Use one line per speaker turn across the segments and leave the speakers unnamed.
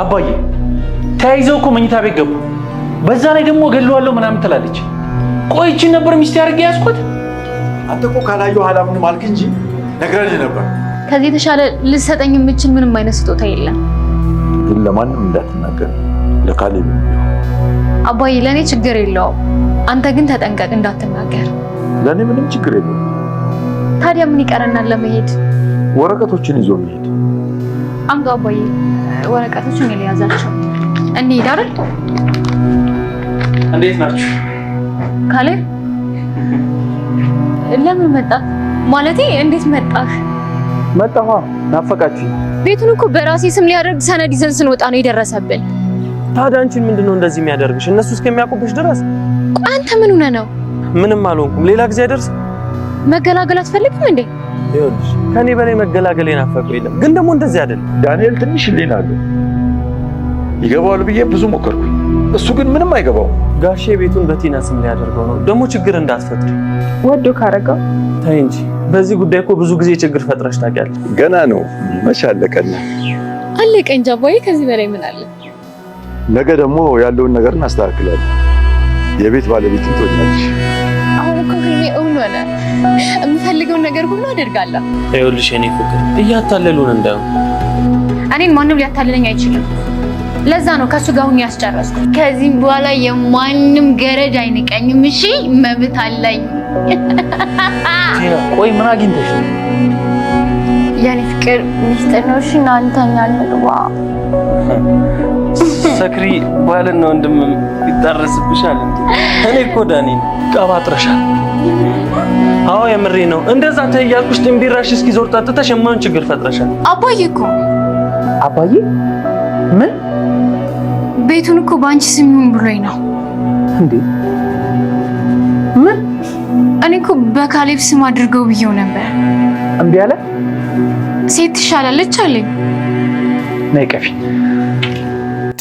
አባዬ ተያይዘው እኮ መኝታ ቤት ገቡ። በዛ ላይ ደግሞ እገለዋለሁ ምናምን ትላለች። ቆይችን ነበር ሚስቴ አድርጌ ያዝኩት።
አንተ እኮ ካላዩ ሀላምን ማልክ እንጂ ነግረን ነበር።
ከዚህ የተሻለ ልሰጠኝ የምችል ምንም አይነት ስጦታ የለም።
ግን ለማንም እንዳትናገር ለካሌብ።
አባዬ ለእኔ ችግር የለውም። አንተ ግን ተጠንቀቅ እንዳትናገር።
ለእኔ ምንም ችግር የለውም።
ታዲያ ምን ይቀረናል ለመሄድ?
ወረቀቶችን ይዞ መሄድ
አምጡ አባዬ፣ ወረቀቶች እኔ ልያዛቸው። እንሂድ አይደል? እንዴት ናችሁ? ካሌ ለምን መጣ? ማለቴ እንዴት መጣህ?
መጣሁ፣ ናፈቃችሁ።
ቤቱን እኮ በራሴ ስም ሊያደርግ ሰነድ ይዘን ስንወጣ ነው የደረሰብን።
ታዲያ አንቺን ምንድን ነው እንደዚህ የሚያደርግሽ? እነሱ እስከሚያውቁብሽ ድረስ።
አንተ ምን ሆነህ ነው?
ምንም አልሆንኩም። ሌላ ጊዜ አይደርስም።
መገላገል አትፈልግም እንዴ?
ይኸውልሽ ከኔ በላይ መገላገል የናፈቀው የለም። ግን ደግሞ እንደዚህ አይደለም።
ዳንኤል ትንሽ ህሊና አለው። ይገባዋል ብዬ ብዙ ሞከርኩ እሱ ግን ምንም አይገባው።
ጋሼ ቤቱን በቲና ስም ሊያደርገው ነው። ደግሞ ችግር እንዳትፈጥሪ
ወዶ ካረገው
ታይ እንጂ። በዚህ ጉዳይ እኮ ብዙ ጊዜ ችግር ፈጥረሽ ታውቂያለሽ።
ገና ነው። መቼ አለቀና
አለቀ እንጂ አባዬ፣ ከዚህ በላይ ምን አለ?
ነገ ደግሞ ያለውን ነገር እናስተካክላለን። የቤት ባለቤት ትሆኛለሽ።
አሁን እኮ ግን እውነት የምፈልገውን ነገር ሁሉ አደርጋለሁ።
ይኸውልሽ የኔ ፍቅር እያታለሉን እንዳይሆን።
እኔን ማንም ሊያታልለኝ አይችልም። ለዛ ነው ከሱ ጋር ሁኜ ያስጨረስኩ። ከዚህም በኋላ የማንም ገረድ አይንቀኝም። እሺ መብት አለኝ።
ቆይ ምን አግኝተሽ ነው?
የኔ ፍቅር ሚስጥር ነው። እሺ እናንተኛ ንግባ
ሰክሪ ባልና ወንድም ይጣረስብሻል። እኔ እኮ ዳኒ ቀባጥረሻል። አዎ የምሬ ነው። እንደዛ ተያልኩሽ ጥምቢራሽ እስኪ ዞር ጠጥተሽ የማይሆን ችግር ፈጥረሻል። አባዬ እኮ አባዬ ምን
ቤቱን እኮ በአንቺ ስም ይሁን ብሎኝ ነው
እንዴ? ምን
እኔ እኮ በካሌብ ስም አድርገው ብየው ነበር። እምቢ አለ። ሴት ትሻላለች አለኝ።
ነይ ቀፊ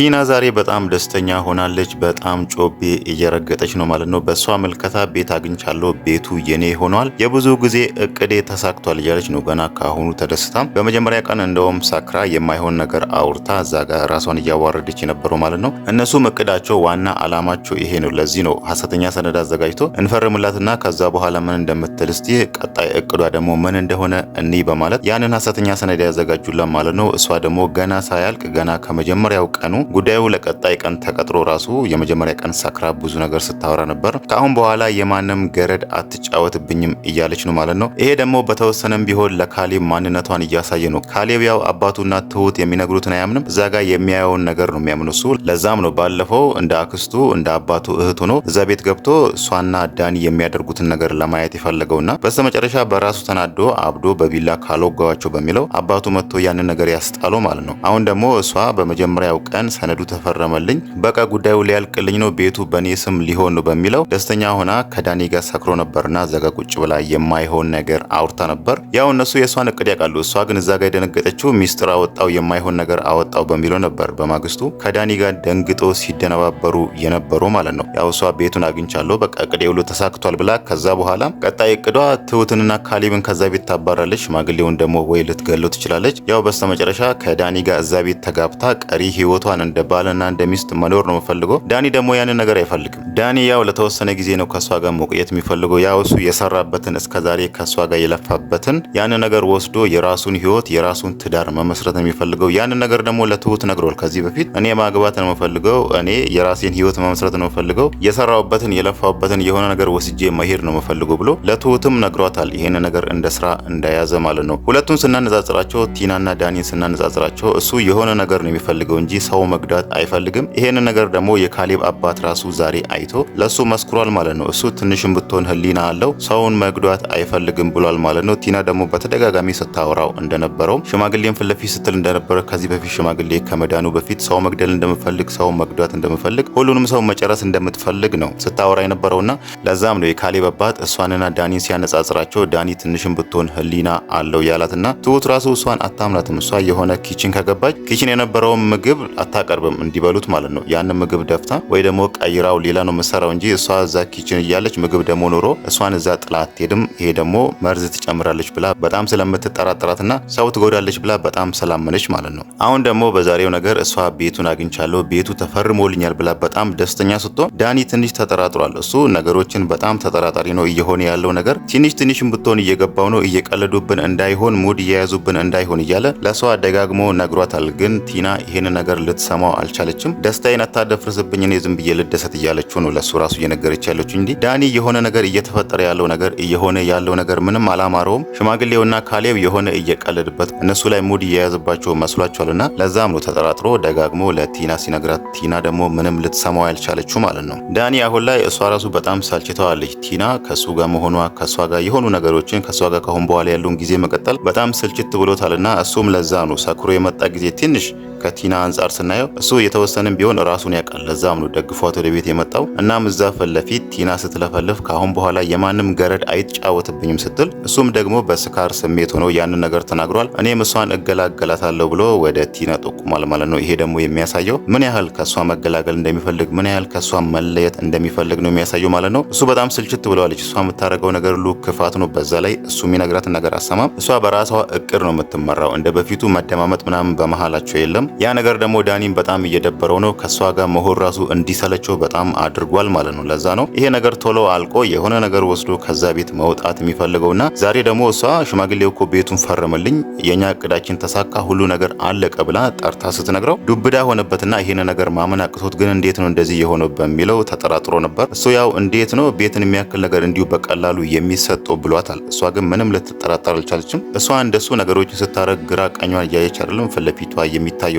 ቲና ዛሬ በጣም ደስተኛ ሆናለች። በጣም ጮቤ እየረገጠች ነው ማለት ነው። በእሷ ምልከታ ቤት አግኝቻለሁ፣ ቤቱ የኔ ሆኗል፣ የብዙ ጊዜ እቅዴ ተሳክቷል እያለች ነው ገና ካሁኑ ተደስታ። በመጀመሪያ ቀን እንደውም ሳክራ የማይሆን ነገር አውርታ እዛ ጋር ራሷን እያዋረደች የነበረው ማለት ነው። እነሱም እቅዳቸው ዋና አላማቸው ይሄ ነው። ለዚህ ነው ሀሰተኛ ሰነድ አዘጋጅቶ እንፈርምላትና ከዛ በኋላ ምን እንደምትል እስቲ ቀጣይ እቅዷ ደግሞ ምን እንደሆነ እኒ በማለት ያንን ሀሰተኛ ሰነድ ያዘጋጁላን ማለት ነው። እሷ ደግሞ ገና ሳያልቅ ገና ከመጀመሪያው ቀኑ ጉዳዩ ለቀጣይ ቀን ተቀጥሮ ራሱ የመጀመሪያ ቀን ሳክራ ብዙ ነገር ስታወራ ነበር። ከአሁን በኋላ የማንም ገረድ አትጫወትብኝም እያለች ነው ማለት ነው። ይሄ ደግሞ በተወሰነም ቢሆን ለካሌብ ማንነቷን እያሳየ ነው። ካሌብ ያው አባቱና ትሁት የሚነግሩትን አያምንም። እዛ ጋር የሚያየውን ነገር ነው የሚያምኑ እሱ። ለዛም ነው ባለፈው እንደ አክስቱ እንደ አባቱ እህት ሆኖ እዛ ቤት ገብቶ እሷና ዳኒ የሚያደርጉትን ነገር ለማየት የፈለገውና በስተመጨረሻ በራሱ ተናዶ አብዶ በቢላ ካልወጋቸው በሚለው አባቱ መጥቶ ያንን ነገር ያስጣለው ማለት ነው። አሁን ደግሞ እሷ በመጀመሪያው ቀን ሰነዱ ተፈረመልኝ። በቃ ጉዳዩ ሊያልቅልኝ ነው፣ ቤቱ በእኔ ስም ሊሆን ነው በሚለው ደስተኛ ሆና ከዳኒ ጋር ሰክሮ ነበርና ዘጋ ቁጭ ብላ የማይሆን ነገር አውርታ ነበር። ያው እነሱ የእሷን እቅድ ያውቃሉ። እሷ ግን እዛ ጋር የደነገጠችው ሚስጥር አወጣው የማይሆን ነገር አወጣው በሚለው ነበር። በማግስቱ ከዳኒ ጋር ደንግጦ ሲደነባበሩ የነበሩ ማለት ነው። ያው እሷ ቤቱን አግኝቻለሁ፣ በቃ እቅዴ ሁሉ ተሳክቷል ብላ ከዛ በኋላ ቀጣይ እቅዷ ትሁትንና ካሊብን ከዛ ቤት ታባራለች። ሽማግሌውን ደግሞ ወይ ልትገለው ትችላለች። ያው በስተመጨረሻ ከዳኒ ጋር እዛ ቤት ተጋብታ ቀሪ ህይወቷ ። ሀይሚዋን እንደ ባልና እንደ ሚስት መኖር ነው የምፈልገው። ዳኒ ደግሞ ያንን ነገር አይፈልግም። ዳኒ ያው ለተወሰነ ጊዜ ነው ከእሷ ጋር መቆየት የሚፈልገው። ያው እሱ የሰራበትን እስከዛሬ ከእሷ ጋር የለፋበትን ያንን ነገር ወስዶ የራሱን ህይወት የራሱን ትዳር መመስረት ነው የሚፈልገው። ያን ነገር ደግሞ ለትሁት ነግሯል። ከዚህ በፊት እኔ ማግባት ነው የምፈልገው፣ እኔ የራሴን ህይወት መመስረት ነው የምፈልገው፣ የሰራውበትን የለፋውበትን የሆነ ነገር ወስጄ መሄድ ነው የምፈልገው ብሎ ለትሁትም ነግሯታል። ይሄን ነገር እንደ ስራ እንደያዘ ማለት ነው። ሁለቱን ስናነጻጽራቸው፣ ቲናና ዳኒን ስናነጻጽራቸው እሱ የሆነ ነገር ነው የሚፈልገው እንጂ ሰው መጉዳት አይፈልግም። ይሄንን ነገር ደግሞ የካሌብ አባት ራሱ ዛሬ አይቶ ለሱ መስክሯል ማለት ነው። እሱ ትንሽም ብትሆን ህሊና አለው ሰውን መጉዳት አይፈልግም ብሏል ማለት ነው። ቲና ደግሞ በተደጋጋሚ ስታወራው እንደነበረው ሽማግሌን ፍለፊት ስትል እንደነበረ ከዚህ በፊት ሽማግሌ ከመዳኑ በፊት ሰው መግደል እንደምፈልግ፣ ሰው መጉዳት እንደምፈልግ፣ ሁሉንም ሰው መጨረስ እንደምትፈልግ ነው ስታወራ የነበረውና ለዛም ነው የካሌብ አባት እሷንና ዳኒን ሲያነጻጽራቸው ዳኒ ትንሽም ብትሆን ህሊና አለው ያላትና ትሁት ራሱ እሷን አታምናትም። እሷ የሆነ ኪችን ከገባች ኪችን የነበረውን ምግብ አታቀርብም እንዲበሉት ማለት ነው። ያን ምግብ ደፍታ ወይ ደግሞ ቀይራው ሌላ ነው የምሰራው እንጂ እሷ እዛ ኪችን እያለች ምግብ ደግሞ ኑሮ እሷን እዛ ጥላ አትሄድም። ይሄ ደግሞ መርዝ ትጨምራለች ብላ በጣም ስለምትጠራጠራትና ሰው ትጎዳለች ብላ በጣም ስላመነች ማለት ነው። አሁን ደግሞ በዛሬው ነገር እሷ ቤቱን አግኝቻለሁ ቤቱ ተፈርሞልኛል ብላ በጣም ደስተኛ ስትሆን ዳኒ ትንሽ ተጠራጥሯል። እሱ ነገሮችን በጣም ተጠራጣሪ ነው እየሆነ ያለው ነገር ትንሽ ትንሽም ብትሆን እየገባው ነው። እየቀለዱብን እንዳይሆን ሙድ እየያዙብን እንዳይሆን እያለ ለእሷ ደጋግሞ ነግሯታል። ግን ቲና ይሄን ነገር ልትሰ ልትሰማው አልቻለችም። ደስታዬን አታደፍርስብኝ እኔ ዝም ብዬ ልደሰት እያለችው ነው ለሱ ራሱ እየነገረች ያለችው እንጂ ዳኒ የሆነ ነገር እየተፈጠረ ያለው ነገር እየሆነ ያለው ነገር ምንም አላማረውም። ሽማግሌውና ካሌብ የሆነ እየቀለድበት እነሱ ላይ ሙድ እየያዝባቸው መስሏቸዋልና ለዛም ነው ተጠራጥሮ ደጋግሞ ለቲና ሲነግራት ቲና ደግሞ ምንም ልትሰማው ያልቻለችው ማለት ነው። ዳኒ አሁን ላይ እሷ ራሱ በጣም ሳልችተዋለች። ቲና ከሱ ጋር መሆኗ ከእሷ ጋር የሆኑ ነገሮችን ከእሷ ጋር ካሁን በኋላ ያለውን ጊዜ መቀጠል በጣም ስልችት ብሎታልና እሱም ለዛ ነው ሰክሮ የመጣ ጊዜ ትንሽ ከቲና አንጻር ስናየው እሱ የተወሰነም ቢሆን ራሱን ያውቃል። ለዛም ነው ደግፏት ወደ ቤት የመጣው። እናም እዛ ፊት ለፊት ቲና ስትለፈልፍ ከአሁን በኋላ የማንም ገረድ አይጫወትብኝም ስትል እሱም ደግሞ በስካር ስሜት ሆኖ ያንን ነገር ተናግሯል። እኔም እሷን እገላገላታለሁ ብሎ ወደ ቲና ጠቁሟል ማለት ነው። ይሄ ደግሞ የሚያሳየው ምን ያህል ከእሷ መገላገል እንደሚፈልግ፣ ምን ያህል ከእሷ መለየት እንደሚፈልግ ነው የሚያሳየው ማለት ነው። እሱ በጣም ስልችት ብለዋለች። እሷ የምታደርገው ነገር ሁሉ ክፋት ነው። በዛ ላይ እሱ የሚነግራትን ነገር አሰማም። እሷ በራሷ እቅድ ነው የምትመራው። እንደ በፊቱ መደማመጥ ምናምን በመሀላቸው የለም። ያ ነገር ደግሞ ዳኒም በጣም እየደበረው ነው። ከእሷ ጋር መሆን ራሱ እንዲሰለቸው በጣም አድርጓል ማለት ነው። ለዛ ነው ይሄ ነገር ቶሎ አልቆ የሆነ ነገር ወስዶ ከዛ ቤት መውጣት የሚፈልገው ና ዛሬ ደግሞ እሷ ሽማግሌው እኮ ቤቱን ፈረመልኝ፣ የኛ እቅዳችን ተሳካ፣ ሁሉ ነገር አለቀ ብላ ጠርታ ስትነግረው ዱብዳ ሆነበትና ይሄን ነገር ማመን አቅቶት ግን እንዴት ነው እንደዚህ የሆነው በሚለው ተጠራጥሮ ነበር። እሱ ያው እንዴት ነው ቤትን የሚያክል ነገር እንዲሁ በቀላሉ የሚሰጠው ብሏታል። እሷ ግን ምንም ልትጠራጠር አልቻለችም። እሷ እንደሱ ነገሮችን ስታረግ ግራ ቀኟን እያየች አይደለም ፊት ለፊቷ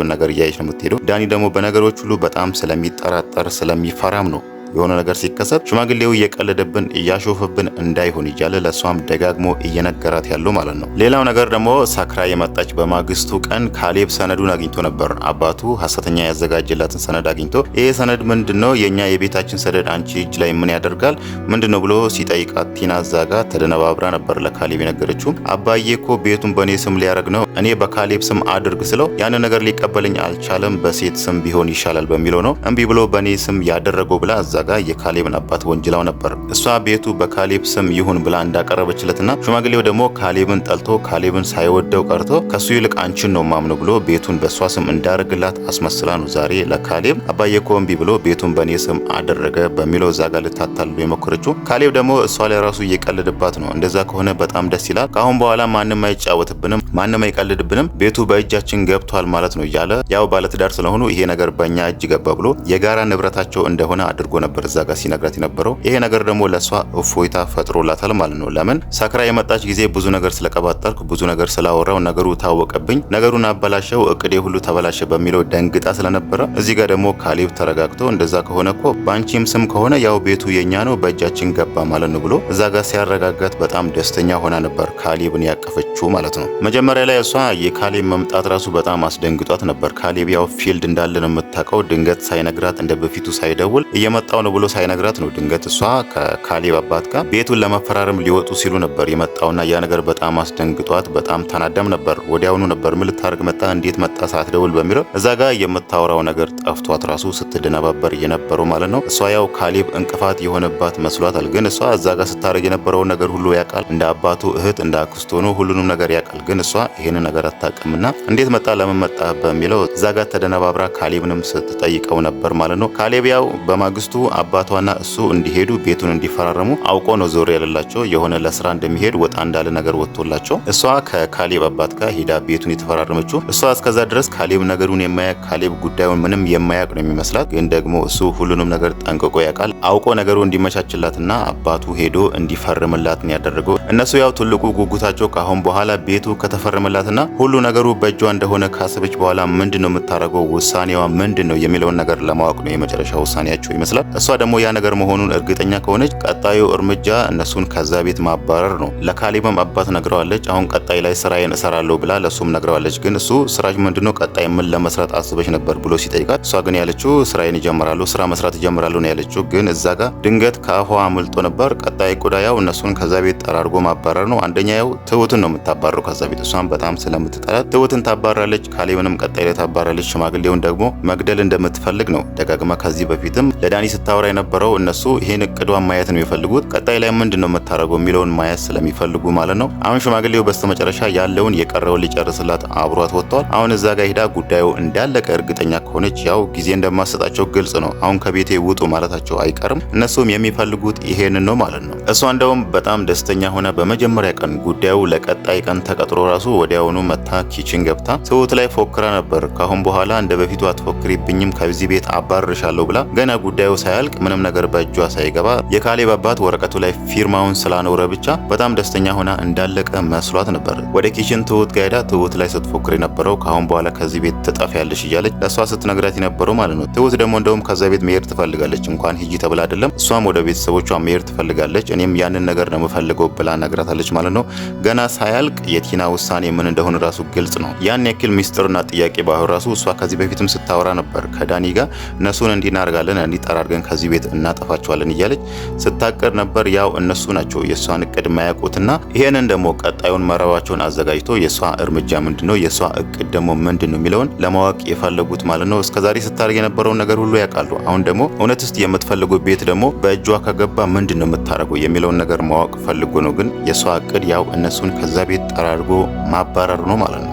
የሚያሳየውን ነገር እያየች ነው የምትሄደው። ዳኒ ደግሞ በነገሮች ሁሉ በጣም ስለሚጠራጠር ስለሚፈራም ነው የሆነ ነገር ሲከሰት ሽማግሌው እየቀለደብን እያሾፈብን እንዳይሆን እያለ ለእሷም ደጋግሞ እየነገራት ያለው ማለት ነው። ሌላው ነገር ደግሞ ሳክራ የመጣች በማግስቱ ቀን ካሌብ ሰነዱን አግኝቶ ነበር። አባቱ ሀሰተኛ ያዘጋጀላትን ሰነድ አግኝቶ ይሄ ሰነድ ምንድን ነው? የእኛ የቤታችን ሰነድ አንቺ እጅ ላይ ምን ያደርጋል? ምንድን ነው ብሎ ሲጠይቃት ቲና ዛጋ ተደነባብራ ነበር ለካሌብ የነገረችው። አባዬ እኮ ቤቱን በእኔ ስም ሊያደርግ ነው፣ እኔ በካሌብ ስም አድርግ ስለው ያንን ነገር ሊቀበለኝ አልቻለም፣ በሴት ስም ቢሆን ይሻላል በሚለው ነው እምቢ ብሎ በእኔ ስም ያደረገው ብላ ጋር የካሌብን አባት ወንጅላው ነበር። እሷ ቤቱ በካሌብ ስም ይሁን ብላ እንዳቀረበችለትና ሽማግሌው ደግሞ ካሌብን ጠልቶ ካሌብን ሳይወደው ቀርቶ ከሱ ይልቅ አንቺን ነው ማምኑ ብሎ ቤቱን በእሷ ስም እንዳደርግላት አስመስላ ነው ዛሬ ለካሌብ አባዬ ኮምቢ ብሎ ቤቱን በእኔ ስም አደረገ በሚለው እዛ ጋር ልታታልሎ የሞከረችው። ካሌብ ደግሞ እሷ ላይ ራሱ እየቀለድባት ነው። እንደዛ ከሆነ በጣም ደስ ይላል። ከአሁን በኋላ ማንም አይጫወትብንም፣ ማንም አይቀልድብንም፣ ቤቱ በእጃችን ገብቷል ማለት ነው እያለ ያው ባለትዳር ስለሆኑ ይሄ ነገር በእኛ እጅ ገባ ብሎ የጋራ ንብረታቸው እንደሆነ አድርጎ ነበር ነበር እዛ ጋር ሲነግራት የነበረው። ይሄ ነገር ደግሞ ለእሷ እፎይታ ፈጥሮላታል ማለት ነው። ለምን ሳክራ የመጣች ጊዜ ብዙ ነገር ስለቀባጠርኩ ብዙ ነገር ስላወራው ነገሩ ታወቀብኝ፣ ነገሩን አበላሸው፣ እቅዴ ሁሉ ተበላሸ በሚለው ደንግጣ ስለነበረ እዚህ ጋር ደግሞ ካሌብ ተረጋግቶ እንደዛ ከሆነ እኮ በአንቺም ስም ከሆነ ያው ቤቱ የኛ ነው በእጃችን ገባ ማለት ነው ብሎ እዛ ጋር ሲያረጋጋት በጣም ደስተኛ ሆና ነበር ካሌብን ያቀፈችው ማለት ነው። መጀመሪያ ላይ እሷ የካሌብ መምጣት ራሱ በጣም አስደንግጧት ነበር። ካሌብ ያው ፊልድ እንዳለ ነው የምታውቀው። ድንገት ሳይነግራት እንደ በፊቱ ሳይደውል እየመጣው እየመጣው ነው ብሎ ሳይነግራት ነው ድንገት እሷ ከካሌብ አባት ጋር ቤቱን ለመፈራረም ሊወጡ ሲሉ ነበር የመጣውና ያ ነገር በጣም አስደንግጧት በጣም ተናዳም ነበር። ወዲያውኑ ነበር ምን ልታደርግ መጣ፣ እንዴት መጣ ሳትደውል በሚለው እዛ ጋ የምታወራው ነገር ጠፍቷት ራሱ ስትደነባበር የነበረው ማለት ነው። እሷ ያው ካሌብ እንቅፋት የሆነባት መስሏታል። ግን እሷ እዛ ጋ ስታደርግ የነበረውን ነገር ሁሉ ያውቃል። እንደ አባቱ እህት እንደ አክስቶ ሆኖ ሁሉንም ነገር ያውቃል። ግን እሷ ይሄንን ነገር አታውቅምና እንዴት መጣ ለምን መጣ በሚለው እዛ ጋ ተደነባብራ ካሌብንም ስትጠይቀው ነበር ማለት ነው። ካሌብ ያው በማግስቱ አባቷና እሱ እንዲሄዱ ቤቱን እንዲፈራረሙ አውቆ ነው ዞር ያለላቸው። የሆነ ለስራ እንደሚሄድ ወጣ እንዳለ ነገር ወጥቶላቸው እሷ ከካሌብ አባት ጋር ሄዳ ቤቱን የተፈራረመችው። እሷ እስከዛ ድረስ ካሌብ ነገሩን የማያቅ ካሌብ ጉዳዩን ምንም የማያቅ ነው የሚመስላት። ግን ደግሞ እሱ ሁሉንም ነገር ጠንቅቆ ያውቃል። አውቆ ነገሩ እንዲመቻችላትና አባቱ ሄዶ እንዲፈርምላት ነው ያደረገው። እነሱ ያው ትልቁ ጉጉታቸው ከአሁን በኋላ ቤቱ ከተፈረመላትና ሁሉ ነገሩ በእጇ እንደሆነ ካሰበች በኋላ ምንድን ነው የምታደርገው ውሳኔዋ ምንድን ነው የሚለውን ነገር ለማወቅ ነው የመጨረሻ ውሳኔያቸው ይመስላል። እሷ ደግሞ ያ ነገር መሆኑን እርግጠኛ ከሆነች ቀጣዩ እርምጃ እነሱን ከዛ ቤት ማባረር ነው። ለካሌብም አባት ነግረዋለች። አሁን ቀጣይ ላይ ስራዬን እሰራለሁ ብላ ለሱም ነግረዋለች። ግን እሱ ስራሽ ምንድነው? ቀጣይ ምን ለመስራት አስበሽ ነበር ብሎ ሲጠይቃት እሷ ግን ያለችው ስራዬን ይጀምራሉ፣ ስራ መስራት ይጀምራሉ ነው ያለችው። ግን እዛ ጋር ድንገት ከአፏ አምልጦ ነበር። ቀጣይ ቆዳ ያው እነሱን ከዛ ቤት ጠራርጎ ማባረር ነው። አንደኛ ያው ትሁትን ነው የምታባረው ከዛ ቤት። እሷን በጣም ስለምትጠላት ትሁትን ታባራለች። ካሌብንም ቀጣይ ላይ ታባራለች። ሽማግሌውን ደግሞ መግደል እንደምትፈልግ ነው ደጋግማ ከዚህ በፊትም ለዳኒ ስታወራ የነበረው እነሱ ይህን እቅዷን ማየት ነው የሚፈልጉት። ቀጣይ ላይ ምንድን ነው የምታደርገው የሚለውን ማየት ስለሚፈልጉ ማለት ነው። አሁን ሽማግሌው በስተመጨረሻ ያለውን የቀረውን ሊጨርስላት አብሯት ወጥተዋል። አሁን እዛ ጋር ሄዳ ጉዳዩ እንዳለቀ እርግጠኛ ከሆነች ያው ጊዜ እንደማሰጣቸው ግልጽ ነው። አሁን ከቤቴ ውጡ ማለታቸው አይቀርም። እነሱም የሚፈልጉት ይሄንን ነው ማለት ነው። እሷ እንደውም በጣም ደስተኛ ሆነ። በመጀመሪያ ቀን ጉዳዩ ለቀጣይ ቀን ተቀጥሮ ራሱ ወዲያውኑ መታ ኪችን ገብታ ትሁት ላይ ፎክራ ነበር። ካሁን በኋላ እንደ በፊቱ አትፎክሪብኝም ከዚህ ቤት አባርሻለሁ ብላ ገና ጉዳዩ ሳያልቅ ምንም ነገር በእጇ ሳይገባ የካሌብ አባት ወረቀቱ ላይ ፊርማውን ስላኖረ ብቻ በጣም ደስተኛ ሆና እንዳለቀ መስሏት ነበር። ወደ ኪችን ትሁት ጋይዳ ትሁት ላይ ስትፎክር የነበረው ከአሁን በኋላ ከዚህ ቤት ትጠፍ እያለች ለእሷ ስትነግራት የነበረው ማለት ነው። ትሁት ደግሞ እንደውም ከዛ ቤት መሄድ ትፈልጋለች። እንኳን ሂጂ ተብላ አይደለም እሷም ወደ ቤተሰቦቿ መሄድ ትፈልጋለች። እኔም ያንን ነገር ነው የምፈልገው ብላ ነግራታለች ማለት ነው። ገና ሳያልቅ የቲና ውሳኔ ምን እንደሆነ ራሱ ግልጽ ነው። ያን ያክል ሚስጥርና ጥያቄ ባህር ራሱ እሷ ከዚህ በፊትም ስታወራ ነበር ከዳኒ ጋር እነሱን እንዲናርጋለን እንዲጠራርገን አድርገን ከዚህ ቤት እናጠፋቸዋለን እያለች ስታቀድ ነበር። ያው እነሱ ናቸው የእሷን እቅድ ማያውቁትና ይሄንን ደግሞ ቀጣዩን መረባቸውን አዘጋጅቶ የእሷ እርምጃ ምንድነው ነው የእሷ እቅድ ደግሞ ምንድን ነው የሚለውን ለማወቅ የፈለጉት ማለት ነው። እስከዛሬ ስታደርግ የነበረውን ነገር ሁሉ ያውቃሉ። አሁን ደግሞ እውነት ውስጥ የምትፈልገው ቤት ደግሞ በእጇ ከገባ ምንድን ነው የምታደርገው የሚለውን ነገር ማወቅ ፈልጎ ነው። ግን የእሷ እቅድ ያው እነሱን ከዛ ቤት ጠራርጎ ማባረር ነው ማለት ነው።